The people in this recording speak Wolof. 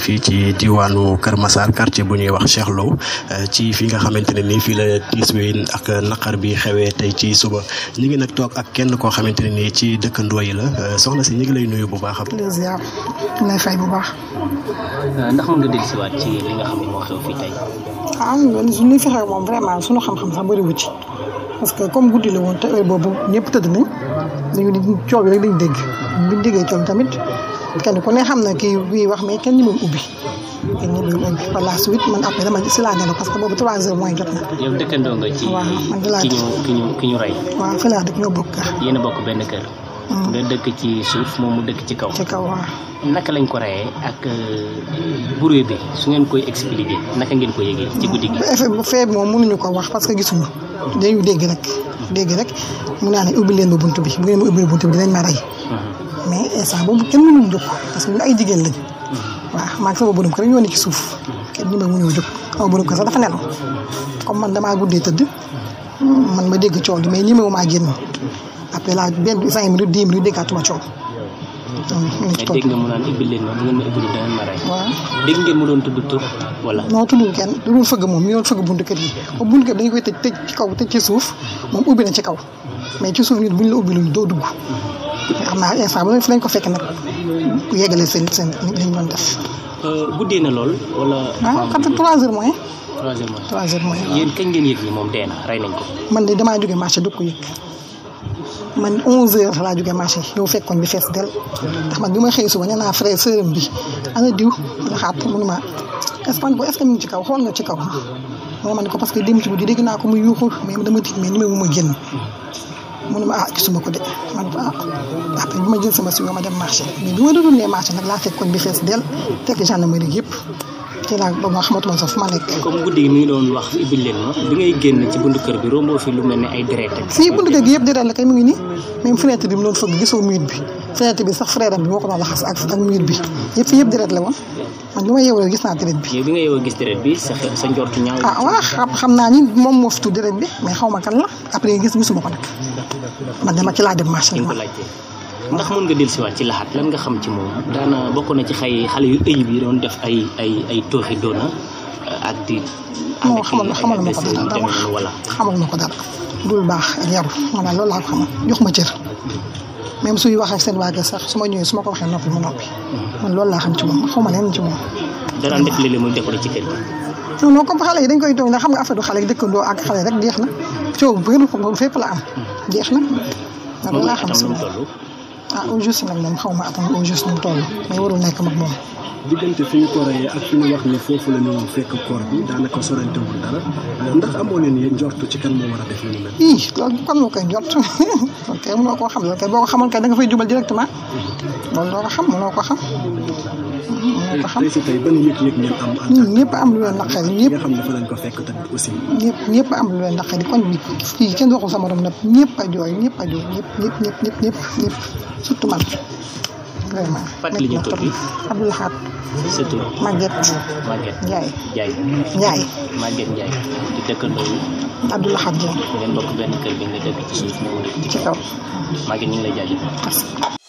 fii ci diwaanu Kër Massar quartier bu ñuy wax Cheikh eh, ci fi nga xamante ne nii fii la tiis wi ak naqar bi xewee tey ci suba ñu ngi nag toog ak kenn koo xamante ne nii ci dëkkandoo yi la eh, soxla si ñu ngi lay nuyu bu baax a. lay fay bu baax. Eh, ndax mën nga xam moo xew fii ah, xam sax bëriwu ci parce comme guddi la woon te boobu ñëpp tëdd nañ dañu coow rek dañ dégg biñ déggee coow tamit. kenn ko ne xam na kii bii wax mais kenn ñu mën ubbi kenn ñu ubbi man après dama si parce que boobu trois heures ñu ki ñu ki ñoo bokk kër. bokk benn hmm. dëkk ci suuf moom mu dëkk ci kaw. ci kaw waaw. naka lañ ko reyee ak euh, buree bi su ngeen koy expliquer naka ngeen ko yëgee ci guddi gi. effet bu ko wax parce que gisuñu dañu dégg rek. Hmm. dégg rek mun naa ne ubbi leen ba buntu bi bu ngeen ma ubbi buntu dinañ ma rey. Hmm. instant boobu kenn mënuñu jóg parce que ñun ay jigéen lañ waaw maa ngi sama borom kër ñoo ne ci suuf kenn ñu ma mënuñu jóg sama borom kër sax dafa nelaw comme man damaa guddee tëdd man ma dégg coow li mais ñi ma maa génn après la benn cinq minutes dix minutes déggaatuma coow. dégg nga mu naan ubbi leen ma bu ngeen ma ubbi leen danañ ma rey. waaw dégg ngeen mu doon tudd tur wala. non tuddul kenn du doon fëgg moom mi doon fëgg buntu kër yi ba buntu kër dañu koy tëj tëj ci kaw tëj ci suuf moom ubbi na ci kaw mais ci suuf nit buñ la ubbi luñ doo dugg xam naa instant bu ne ko fekk nag bu yeggalee seen seen euh, na lool wala. ah xam nga trois heures man de damaa jógee marché du ko yëg man 11h laa jógee marché yow fekkoon bi fees del ndax man bi ma xëy suba nee naa frère sœur bi ana diw la munuma espagne ko est-ce ci kaw xool nga ci kaw. moo ma ne ko parce que démb ci guddi dégg naa ko muy yuuxu mais dama tiit mais ni ma ma génn. mu ne ma ah gisuma ko de ma ne ko ah, ma jël sama si nga ma dem marché mais bi ma doon nee marché nag laa fekkoon bi fees dell fekk gendarmerie yëpp. te naa ba ma xamatuma sax fu ma nekk. comme guddi gi mi ngi doon wax ubbi leen ma bi ngay génn ci buntu kër bi romboo fi lu mel ne ay deret nii même fenêtre bi mu doon fëgg gisoo miir bi yëpp fi yëpp man li ma yeewoo gis naa deret bi. yow bi nga yeewoo gis deret bi ah, xam naa ni moom moo fi tudd deret bi mais xaw ma kan la après gis gisuma ko nag man dama ci laa dem marché ndax mën nga dellusiwaat ci laxaat lan nga xam ci moom daana bokk a ci xay xale yu ëyib yi doon def ay ay ay tooxi doona euh, ak di. moo xamal xamal ma ko dara wala xamal ma ko dara. dul baax yaru maanaam laa ko xamal jox ma cër. même suy wax ak seen waage su ma ñëwee su ko waxee noppi mu noppi. Mm-hmm. laa xam ci moom ma leen ci moom. danaan def léeg-léeg muy décoré ci kër dañ koy toog ndax xam nga affaire du xale yi dëkkandoo ak xale rek jeex na coow bu gën a fépp la am. Mm-hmm. jeex na. loolu laa xam si moom ah au juste nag moom xaw ma atam au juste nu mu toll mais warul nekk mag moom. diggante fi ñu koreyee ak fi ñu wax ni foofu la ñu fekk koor bi daanaka sorantewul dara euh, ndax amoo leen yéen njortu ci kan moo war a def lu mel. ii koo xam loolu kay boo ko xamoon kay da nga fay jubal directement mhm. loolu doo ko xam mënoo ko xam. moo ko xam. tey si tey ban yëg-yëg ngeen am. ñun am lu leen naqari lañ ko fekk tamit aussi. ñëpp am lu leen naqari koñ bi fii kenn waxul sama morom nag ñëpp a jooy ñëpp a jooy ñëpp ñëpp ñëpp ñëpp ñëpp ñëpp surtout man. vraiment fàttali ñu tur bi Abdou Lahad. sa tur Maguette. Maguette Ndiaye. Ndiaye benn kër gi nga ci kaw Maguette ñu ngi lay jaajëfal.